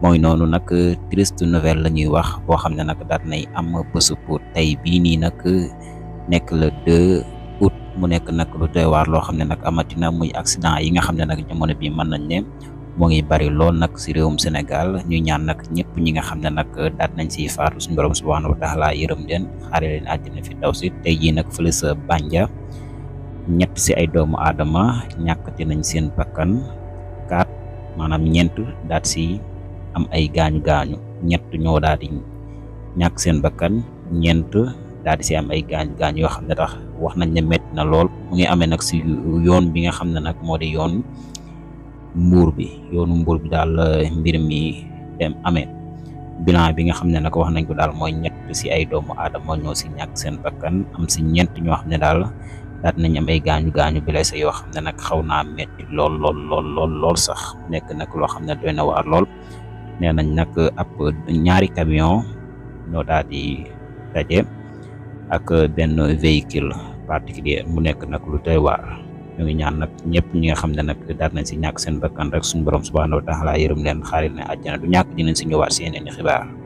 moy nonu nak triste nouvelle lañuy wax bo xamne nak nag daat nay am bésu pour tey bii nak nag nekk le 2 août mu nek nak lu doy war lo xamne nak amatina muy accident yi nga xamne nak jamono bi man nañ ne mo ngi bari lool nak ci rewum senegal ñu ñaan nak ñepp ñi nga xamne nak nag daat nañ ci faatu suñu borom subhanahu wa taala yërëm den xare leen aljina fi daw tay tey nak fele sa Bandia ñett ay doomu aadama ñàkkati nañ seen bakkan kaat daat si am ay gañu gañu ñett ñoo daal di ñak seen bakkan ñent daal di ci am ay gañu gañu yo xamne tax wax nañ ne metti na lool mu ngi amé nak si yoon bi nga xamne nak modi yoon mbur bi yoonu mbur bi daal mbir mi dem amé bilan bi nga xamne nak wax nañ ko daal moy ñett si ay doomu mo ñoo ci ñak seen bakkan am si ñent ñoo xamne daal daat nañ am ay gañu gañu bi lay sa yo xamne nak xawna metti lool lool lool lool sax nek nak lo xamne doyna war lool nee nañ nag ab ñaari camion ñoo daal di daje ak benn véhicule particulier mu nekk nag lu doy waar ñoo ngi ñaan nag ñëpp ñi nga xam ne nak daal nañ si ñàkk seen bakkan rek suñu borom subhaanahu wa taala yërëm leen xaaril ne àjjana du ñàkk dinañ si ñëwaat si yeneen i xibaar